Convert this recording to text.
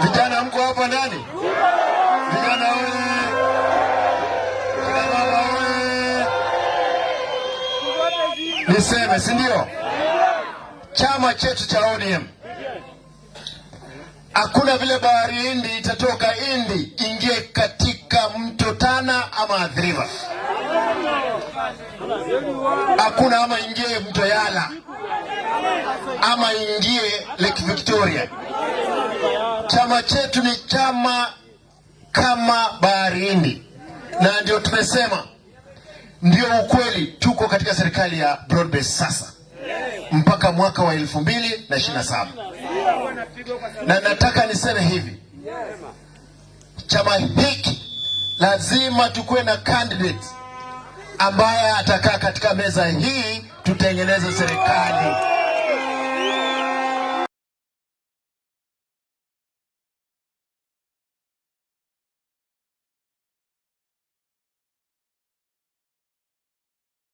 Vijana mko hapa ndani? Vijana oye! Vijana mama oye! Niseme si ndio? Chama chetu cha ODM hakuna vile bahari Hindi itatoka Hindi ingie katika mto Tana ama adhiriva hakuna ama ingie mto Yala ama ingie Lake Victoria. Chama chetu ni chama kama baharini, na ndio tumesema, ndio ukweli. Tuko katika serikali ya broad base sasa mpaka mwaka wa elfu mbili na ishirini na saba na nataka niseme hivi, chama hiki lazima tukuwe na candidate ambaye atakaa katika meza hii, tutengeneze serikali.